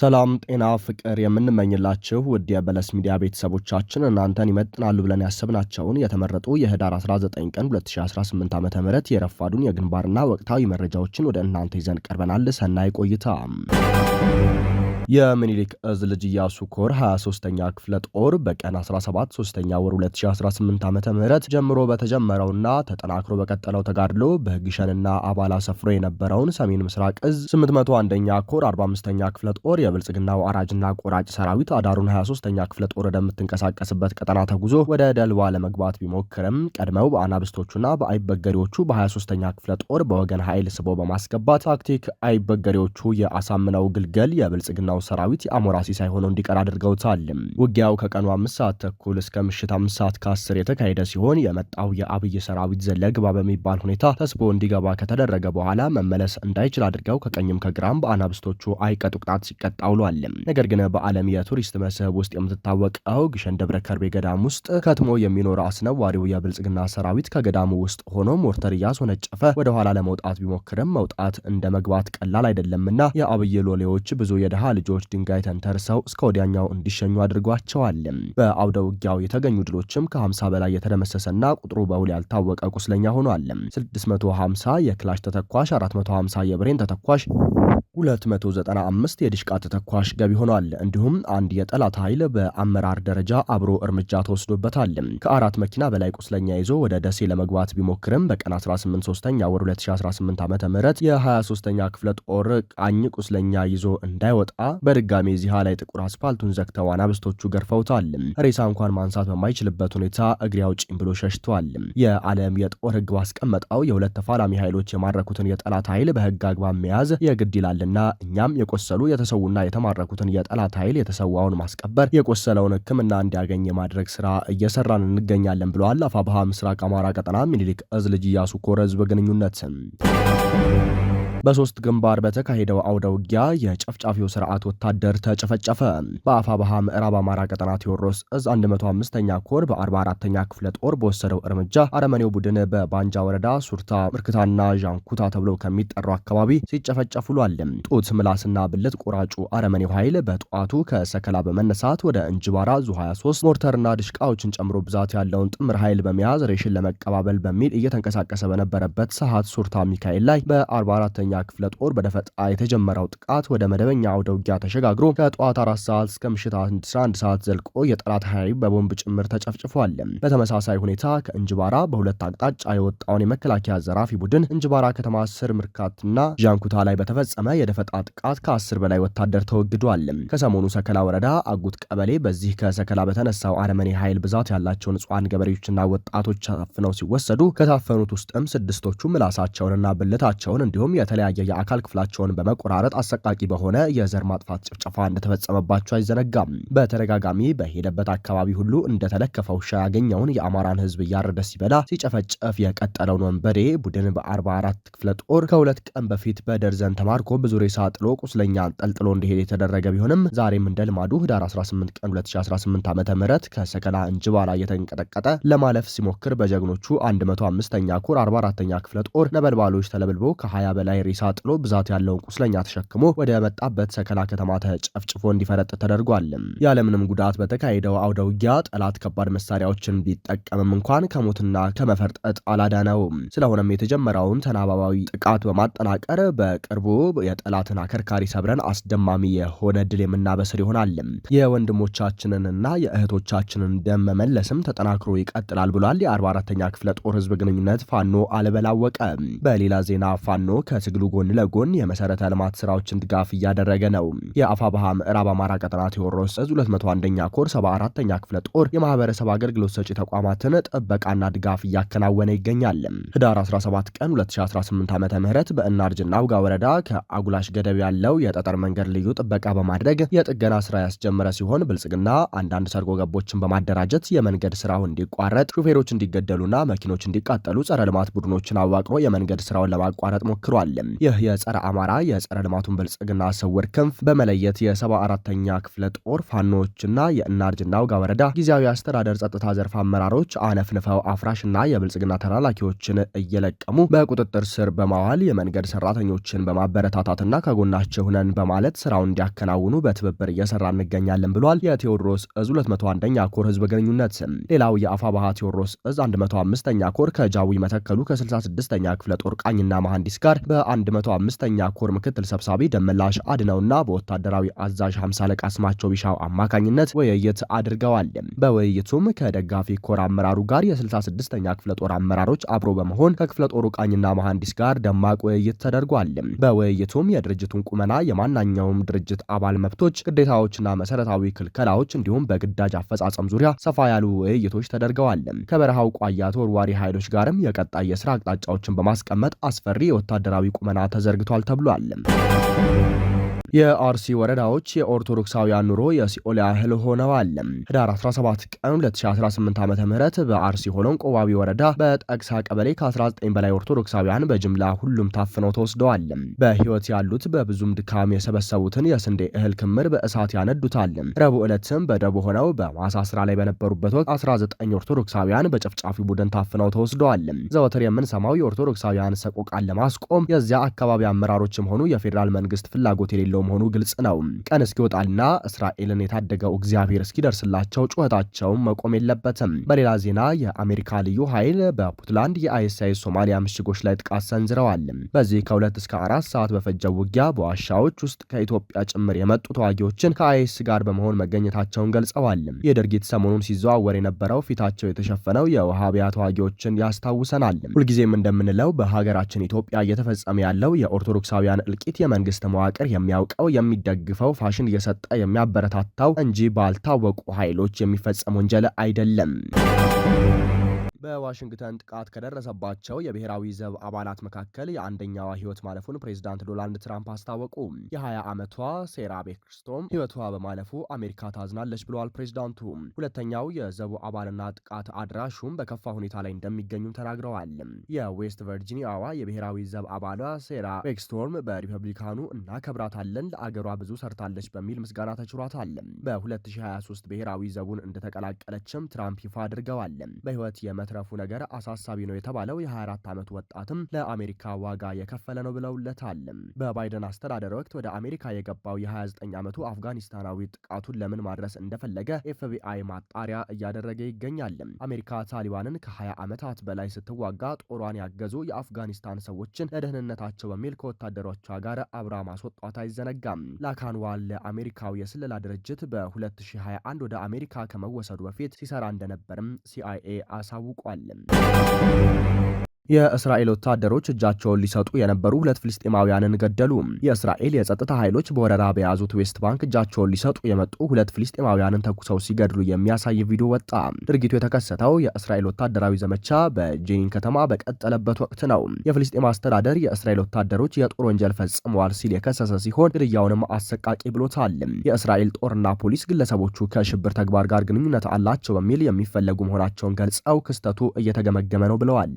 ሰላም፣ ጤና፣ ፍቅር የምንመኝላችሁ ውድ የበለስ ሚዲያ ቤተሰቦቻችን እናንተን ይመጥናሉ ብለን ያሰብናቸውን የተመረጡ የህዳር 19 ቀን 2018 ዓ ም የረፋዱን የግንባርና ወቅታዊ መረጃዎችን ወደ እናንተ ይዘን ቀርበናል። ሰናይ ቆይታ የምኒልክ እዝ ልጅ ኢያሱ ኮር 23ኛ ክፍለ ጦር በቀን 17 3ኛ ወር 2018 ዓ ም ጀምሮ በተጀመረውና ተጠናክሮ በቀጠለው ተጋድሎ በግሸንና አባላ ሰፍሮ የነበረውን ሰሜን ምስራቅ እዝ 801ኛ ኮር 45ኛ ክፍለ ጦር የብልጽግናው አራጅና ቆራጭ ሰራዊት አዳሩን 23ኛ ክፍለ ጦር ወደምትንቀሳቀስበት ቀጠና ተጉዞ ወደ ደልባ ለመግባት ቢሞክርም ቀድመው በአናብስቶቹና በአይበገሪዎቹ በ23ኛ ክፍለ ጦር በወገን ኃይል ስቦ በማስገባት ታክቲክ አይበገሪዎቹ የአሳምነው ግልገል የብልጽግናው የአማራው ሰራዊት የአሞራ ሲሳይ ሆኖ እንዲቀር አድርገውታል። ውጊያው ከቀኑ አምስት ሰዓት ተኩል እስከ ምሽት አምስት ሰዓት ከአስር የተካሄደ ሲሆን የመጣው የአብይ ሰራዊት ዘለግባ በሚባል ሁኔታ ተስቦ እንዲገባ ከተደረገ በኋላ መመለስ እንዳይችል አድርገው ከቀኝም ከግራም በአናብስቶቹ አይቀጡ ቅጣት ሲቀጣ ውሏል። ነገር ግን በዓለም የቱሪስት መስህብ ውስጥ የምትታወቀው ግሸን ደብረ ከርቤ ገዳም ውስጥ ከትሞ የሚኖረ አስነዋሪው የብልጽግና ሰራዊት ከገዳሙ ውስጥ ሆኖ ሞርተር እያስወነጨፈ ወደኋላ ለመውጣት ቢሞክርም መውጣት እንደ መግባት ቀላል አይደለምና የአብይ ሎሌዎች ብዙ የድሃ ልጆ ልጆች ድንጋይ ተንተርሰው እስከ ወዲያኛው እንዲሸኙ አድርጓቸዋል። በአውደ ውጊያው የተገኙ ድሎችም ከ50 በላይ የተደመሰሰና ቁጥሩ በውል ያልታወቀ ቁስለኛ ሆኗል። 650 የክላሽ ተተኳሽ፣ 450 የብሬን ተተኳሽ 295 የዲሽቃ ተተኳሽ ገቢ ሆኗል። እንዲሁም አንድ የጠላት ኃይል በአመራር ደረጃ አብሮ እርምጃ ተወስዶበታል። ከአራት መኪና በላይ ቁስለኛ ይዞ ወደ ደሴ ለመግባት ቢሞክርም በቀን 18 3ኛ ወር 2018 ዓ ም የ23ኛ ክፍለ ጦር ቃኝ ቁስለኛ ይዞ እንዳይወጣ በድጋሚ እዚህ ላይ ጥቁር አስፋልቱን ዘግተዋን አብስቶቹ ገርፈውታል። ሬሳ እንኳን ማንሳት በማይችልበት ሁኔታ እግሬ አውጪኝ ብሎ ሸሽቷል። የዓለም የጦር ህግ ባስቀመጠው የሁለት ተፋላሚ ኃይሎች የማረኩትን የጠላት ኃይል በህግ አግባብ መያዝ የግድ ይላልና እኛም የቆሰሉ የተሰዉና የተማረኩትን የጠላት ኃይል የተሰዋውን ማስቀበር የቆሰለውን ሕክምና እንዲያገኝ የማድረግ ስራ እየሰራን እንገኛለን ብለዋል አፋብሃ ምስራቅ አማራ ቀጠና ሚኒሊክ እዝ ልጅ ኢያሱ ኮር ህዝብ ግንኙነት በሶስት ግንባር በተካሄደው አውደ ውጊያ የጨፍጫፊው ስርዓት ወታደር ተጨፈጨፈ። በአፋባሃ ምዕራብ አማራ ቀጠና ቴዎድሮስ እዝ 15 ኛ ኮር በ44ኛ ክፍለ ጦር በወሰደው እርምጃ አረመኔው ቡድን በባንጃ ወረዳ ሱርታ ምርክታና ዣንኩታ ተብሎ ከሚጠራው አካባቢ ሲጨፈጨፍ ውሏል። ጡት ምላስና ብልት ቆራጩ አረመኔው ኃይል በጠዋቱ ከሰከላ በመነሳት ወደ እንጅባራ ዙ 23 ሞርተርና ድሽቃዎችን ጨምሮ ብዛት ያለውን ጥምር ኃይል በመያዝ ሬሽን ለመቀባበል በሚል እየተንቀሳቀሰ በነበረበት ሰዓት ሱርታ ሚካኤል ላይ በ44 አምስተኛ ክፍለ ጦር በደፈጣ የተጀመረው ጥቃት ወደ መደበኛ አውደ ውጊያ ተሸጋግሮ ከጠዋት አራት ሰዓት እስከ ምሽት 11 ሰዓት ዘልቆ የጠላት ኃይል በቦምብ ጭምር ተጨፍጭፏል። በተመሳሳይ ሁኔታ ከእንጅባራ በሁለት አቅጣጫ የወጣውን የመከላከያ ዘራፊ ቡድን እንጅባራ ከተማ ስር ምርካትና ዣንኩታ ላይ በተፈጸመ የደፈጣ ጥቃት ከአስር በላይ ወታደር ተወግዷል። ከሰሞኑ ሰከላ ወረዳ አጉት ቀበሌ በዚህ ከሰከላ በተነሳው አረመኔ ኃይል ብዛት ያላቸው ንጹሐን ገበሬዎችና ወጣቶች ታፍነው ሲወሰዱ ከታፈኑት ውስጥም ስድስቶቹ ምላሳቸውንና ብልታቸውን እንዲሁም የተለያየ የአካል ክፍላቸውን በመቆራረጥ አሰቃቂ በሆነ የዘር ማጥፋት ጭፍጨፋ እንደተፈጸመባቸው አይዘነጋም። በተደጋጋሚ በሄደበት አካባቢ ሁሉ እንደተለከፈ ውሻ ያገኘውን የአማራን ህዝብ እያረደ ሲበላ ሲጨፈጨፍ የቀጠለውን ወንበዴ ቡድን በ44 ክፍለ ጦር ከሁለት ቀን በፊት በደርዘን ተማርኮ ብዙ ሬሳ ጥሎ ቁስለኛ አንጠልጥሎ እንዲሄድ የተደረገ ቢሆንም ዛሬም እንደ ልማዱ ህዳር 18 ቀን 2018 ዓ ም ከሰከላ እንጅባራ እየተንቀጠቀጠ ለማለፍ ሲሞክር በጀግኖቹ 105ኛ ኩር 44ኛ ክፍለ ጦር ነበልባሎች ተለብልቦ ከ20 በላይ ሬሳ ጥሎ ብዛት ያለውን ቁስለኛ ተሸክሞ ወደ መጣበት ሰከላ ከተማ ተጨፍጭፎ እንዲፈረጥ ተደርጓል። ያለምንም ጉዳት በተካሄደው አውደ ውጊያ ጠላት ከባድ መሳሪያዎችን ቢጠቀምም እንኳን ከሞትና ከመፈርጠጥ አላዳነውም። ስለሆነም የተጀመረውን ተናባባዊ ጥቃት በማጠናቀር በቅርቡ የጠላትን አከርካሪ ሰብረን አስደማሚ የሆነ ድል የምናበስር ይሆናል። የወንድሞቻችንንና የእህቶቻችንን ደም መመለስም ተጠናክሮ ይቀጥላል ብሏል። የ44ኛ ክፍለ ጦር ህዝብ ግንኙነት ፋኖ አልበላወቀ። በሌላ ዜና ፋኖ ከትግ ከትግሉ ጎን ለጎን የመሰረተ ልማት ስራዎችን ድጋፍ እያደረገ ነው። የአፋባሃ ምዕራብ አማራ ቀጠና ቴዎድሮስ ዕዝ 201ኛ ኮር 74ኛ ክፍለ ጦር የማህበረሰብ አገልግሎት ሰጪ ተቋማትን ጥበቃና ድጋፍ እያከናወነ ይገኛል። ህዳር 17 ቀን 2018 ዓ ም በእናርጅና ውጋ ወረዳ ከአጉላሽ ገደብ ያለው የጠጠር መንገድ ልዩ ጥበቃ በማድረግ የጥገና ስራ ያስጀመረ ሲሆን ብልጽግና አንዳንድ ሰርጎ ገቦችን በማደራጀት የመንገድ ስራው እንዲቋረጥ፣ ሹፌሮች እንዲገደሉና መኪኖች እንዲቃጠሉ ጸረ ልማት ቡድኖችን አዋቅሮ የመንገድ ስራውን ለማቋረጥ ሞክሯል። ይህ የጸረ አማራ የጸረ ልማቱን ብልጽግና ስውር ክንፍ በመለየት የሰባ አራተኛ ክፍለ ጦር ፋኖዎችና የእናርጅና ውጋ ወረዳ ጊዜያዊ አስተዳደር ጸጥታ ዘርፍ አመራሮች አነፍንፈው አፍራሽና የብልጽግና ተላላኪዎችን እየለቀሙ በቁጥጥር ስር በማዋል የመንገድ ሰራተኞችን በማበረታታትና ከጎናቸው ሁነን በማለት ስራውን እንዲያከናውኑ በትብብር እየሰራ እንገኛለን ብሏል። የቴዎድሮስ እዝ 201ኛ ኮር ህዝብ ግንኙነት ስም ሌላው የአፋ ባሃ ቴዎድሮስ እዝ 105ኛ ኮር ከጃዊ መተከሉ ከ66ኛ ክፍለ ጦር ቃኝና መሐንዲስ ጋር በአ የ105ኛ ኮር ምክትል ሰብሳቢ ደመላሽ አድነውና በወታደራዊ አዛዥ 50 አለቃ ስማቸው ቢሻው አማካኝነት ውይይት አድርገዋል። በውይይቱም ከደጋፊ ኮር አመራሩ ጋር የ66ኛ ክፍለ ጦር አመራሮች አብሮ በመሆን ከክፍለ ጦሩ ቃኝና መሐንዲስ ጋር ደማቅ ውይይት ተደርጓል። በውይይቱም የድርጅቱን ቁመና፣ የማናኛውም ድርጅት አባል መብቶች፣ ግዴታዎችና መሰረታዊ ክልከላዎች እንዲሁም በግዳጅ አፈጻጸም ዙሪያ ሰፋ ያሉ ውይይቶች ተደርገዋል። ከበረሃው ቋያ ተወርዋሪ ኃይሎች ጋርም የቀጣይ የስራ አቅጣጫዎችን በማስቀመጥ አስፈሪ የወታደራዊ ቁመ ቁመና ተዘርግቷል ተብሏል። የአርሲ ወረዳዎች የኦርቶዶክሳውያን ኑሮ የሲኦል ያህል ሆነዋል። ህዳር 17 ቀን 2018 ዓ ም በአርሲ ሆነን ቆባቢ ወረዳ በጠቅሳ ቀበሌ ከ19 በላይ ኦርቶዶክሳውያን በጅምላ ሁሉም ታፍነው ተወስደዋል። በህይወት ያሉት በብዙም ድካም የሰበሰቡትን የስንዴ እህል ክምር በእሳት ያነዱታል። ረቡዕ ዕለትም በደቡ ሆነው በማሳ ስራ ላይ በነበሩበት ወቅት 19 ኦርቶዶክሳውያን በጨፍጫፊ ቡድን ታፍነው ተወስደዋል። ዘወትር የምንሰማው የኦርቶዶክሳውያን ሰቆቃን ለማስቆም የዚያ አካባቢ አመራሮችም ሆኑ የፌዴራል መንግስት ፍላጎት የሌለው የሌለው መሆኑ ግልጽ ነው። ቀን እስኪወጣና እስራኤልን የታደገው እግዚአብሔር እስኪደርስላቸው ጩኸታቸውን መቆም የለበትም። በሌላ ዜና የአሜሪካ ልዩ ኃይል በፑትላንድ የአይኤስአይ ሶማሊያ ምሽጎች ላይ ጥቃት ሰንዝረዋል። በዚህ ከሁለት እስከ አራት ሰዓት በፈጀው ውጊያ በዋሻዎች ውስጥ ከኢትዮጵያ ጭምር የመጡ ተዋጊዎችን ከአይኤስ ጋር በመሆን መገኘታቸውን ገልጸዋል። ይህ ድርጊት ሰሞኑን ሲዘዋወር የነበረው ፊታቸው የተሸፈነው የውሃቢያ ተዋጊዎችን ያስታውሰናል። ሁልጊዜም እንደምንለው በሀገራችን ኢትዮጵያ እየተፈጸመ ያለው የኦርቶዶክሳውያን እልቂት የመንግስት መዋቅር የሚያውቅ የሚያውቀው የሚደግፈው ፋሽን እየሰጠ የሚያበረታታው እንጂ ባልታወቁ ኃይሎች የሚፈጸም ወንጀል አይደለም። በዋሽንግተን ጥቃት ከደረሰባቸው የብሔራዊ ዘብ አባላት መካከል የአንደኛዋ ህይወት ማለፉን ፕሬዚዳንት ዶናልድ ትራምፕ አስታወቁ። የ20 ዓመቷ ሴራ ቤክስቶም ህይወቷ በማለፉ አሜሪካ ታዝናለች ብለዋል ፕሬዚዳንቱ። ሁለተኛው የዘቡ አባልና ጥቃት አድራሹም በከፋ ሁኔታ ላይ እንደሚገኙም ተናግረዋል። የዌስት ቨርጂኒያዋ የብሔራዊ ዘብ አባሏ ሴራ ቤክስቶርም በሪፐብሊካኑ እናከብራታለን፣ ለአገሯ ብዙ ሰርታለች በሚል ምስጋና ተችሯታል። በ2023 ብሔራዊ ዘቡን እንደተቀላቀለችም ትራምፕ ይፋ አድርገዋል። በህይወት የመ መትረፉ ነገር አሳሳቢ ነው የተባለው የ24 ዓመት ወጣትም ለአሜሪካ ዋጋ የከፈለ ነው ብለውለታል። በባይደን አስተዳደር ወቅት ወደ አሜሪካ የገባው የ29 ዓመቱ አፍጋኒስታናዊ ጥቃቱን ለምን ማድረስ እንደፈለገ ኤፍቢአይ ማጣሪያ እያደረገ ይገኛል። አሜሪካ ታሊባንን ከ20 ዓመታት በላይ ስትዋጋ ጦሯን ያገዙ የአፍጋኒስታን ሰዎችን ለደህንነታቸው በሚል ከወታደሮቿ ጋር አብራ ማስወጣት አይዘነጋም። ላካንዋል ለአሜሪካው የስለላ ድርጅት በ2021 ወደ አሜሪካ ከመወሰዱ በፊት ሲሰራ እንደነበርም ሲአይኤ አሳውቋል። ታውቋል። የእስራኤል ወታደሮች እጃቸውን ሊሰጡ የነበሩ ሁለት ፍልስጤማውያንን ገደሉ። የእስራኤል የጸጥታ ኃይሎች በወረራ በያዙት ዌስት ባንክ እጃቸውን ሊሰጡ የመጡ ሁለት ፍልስጤማውያንን ተኩሰው ሲገድሉ የሚያሳይ ቪዲዮ ወጣ። ድርጊቱ የተከሰተው የእስራኤል ወታደራዊ ዘመቻ በጄኒን ከተማ በቀጠለበት ወቅት ነው። የፍልስጤም አስተዳደር የእስራኤል ወታደሮች የጦር ወንጀል ፈጽመዋል ሲል የከሰሰ ሲሆን ግድያውንም አሰቃቂ ብሎታል። የእስራኤል ጦርና ፖሊስ ግለሰቦቹ ከሽብር ተግባር ጋር ግንኙነት አላቸው በሚል የሚፈለጉ መሆናቸውን ገልጸው ክስተቱ እየተገመገመ ነው ብለዋል።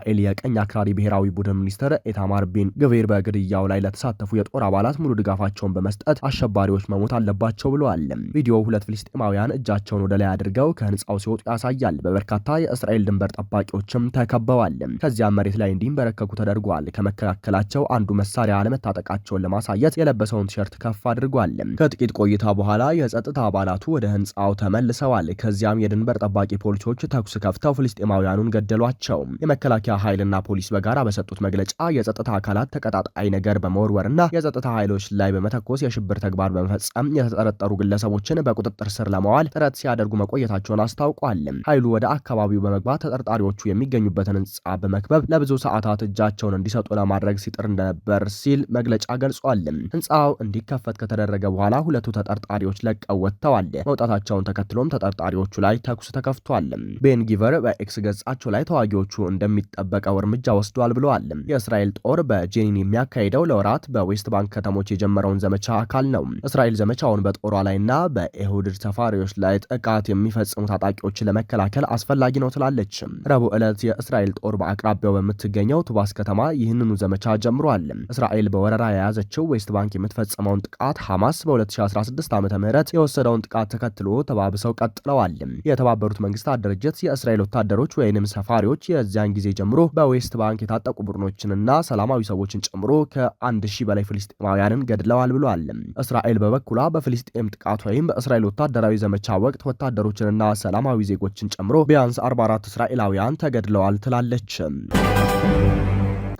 እስራኤል የቀኝ አክራሪ ብሔራዊ ቡድን ሚኒስትር ኤታማር ቢን ግቪር በግድያው ላይ ለተሳተፉ የጦር አባላት ሙሉ ድጋፋቸውን በመስጠት አሸባሪዎች መሞት አለባቸው ብለዋል። ቪዲዮ ሁለት ፍልስጤማውያን እጃቸውን ወደ ላይ አድርገው ከህንፃው ሲወጡ ያሳያል። በበርካታ የእስራኤል ድንበር ጠባቂዎችም ተከበዋል። ከዚያም መሬት ላይ እንዲንበረከኩ ተደርጓል። ከመከላከላቸው አንዱ መሳሪያ አለመታጠቃቸውን ለማሳየት የለበሰውን ቲሸርት ከፍ አድርጓል። ከጥቂት ቆይታ በኋላ የጸጥታ አባላቱ ወደ ህንፃው ተመልሰዋል። ከዚያም የድንበር ጠባቂ ፖሊሶች ተኩስ ከፍተው ፍልስጤማውያኑን ገደሏቸው። የመከላከያ መከላከያ ኃይልና ፖሊስ በጋራ በሰጡት መግለጫ የጸጥታ አካላት ተቀጣጣይ ነገር በመወርወርና የጸጥታ ኃይሎች ላይ በመተኮስ የሽብር ተግባር በመፈጸም የተጠረጠሩ ግለሰቦችን በቁጥጥር ስር ለማዋል ጥረት ሲያደርጉ መቆየታቸውን አስታውቋል። ኃይሉ ወደ አካባቢው በመግባት ተጠርጣሪዎቹ የሚገኙበትን ህንጻ በመክበብ ለብዙ ሰዓታት እጃቸውን እንዲሰጡ ለማድረግ ሲጥር እንደነበር ሲል መግለጫ ገልጿል። ህንጻው እንዲከፈት ከተደረገ በኋላ ሁለቱ ተጠርጣሪዎች ለቀው ወጥተዋል። መውጣታቸውን ተከትሎም ተጠርጣሪዎቹ ላይ ተኩስ ተከፍቷል። ቤንጊቨር በኤክስ ገጻቸው ላይ ተዋጊዎቹ እንደሚጠ ያልጠበቀው እርምጃ ወስዷል ብለዋል። የእስራኤል ጦር በጄኒን የሚያካሂደው ለወራት በዌስት ባንክ ከተሞች የጀመረውን ዘመቻ አካል ነው። እስራኤል ዘመቻውን በጦሯ ላይና በኤሁድ ሰፋሪዎች ላይ ጥቃት የሚፈጽሙ ታጣቂዎችን ለመከላከል አስፈላጊ ነው ትላለች። ረቡዕ ዕለት የእስራኤል ጦር በአቅራቢያው በምትገኘው ቱባስ ከተማ ይህንኑ ዘመቻ ጀምሯል። እስራኤል በወረራ የያዘችው ዌስት ባንክ የምትፈጽመውን ጥቃት ሐማስ በ2016 ዓ ም የወሰደውን ጥቃት ተከትሎ ተባብሰው ቀጥለዋል። የተባበሩት መንግስታት ድርጅት የእስራኤል ወታደሮች ወይንም ሰፋሪዎች የዚያን ጊዜ ጀምሮ ጀምሮ በዌስት ባንክ የታጠቁ ቡድኖችንና ሰላማዊ ሰዎችን ጨምሮ ከአንድ ሺህ በላይ ፍልስጤማውያንን ገድለዋል ብለዋል። እስራኤል በበኩሏ በፍልስጤም ጥቃት ወይም በእስራኤል ወታደራዊ ዘመቻ ወቅት ወታደሮችንና ሰላማዊ ዜጎችን ጨምሮ ቢያንስ 44 እስራኤላውያን ተገድለዋል ትላለች።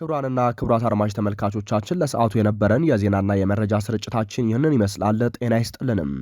ክቡራንና ክቡራት አድማጭ ተመልካቾቻችን ለሰዓቱ የነበረን የዜናና የመረጃ ስርጭታችን ይህንን ይመስላል። ጤና ይስጥልንም።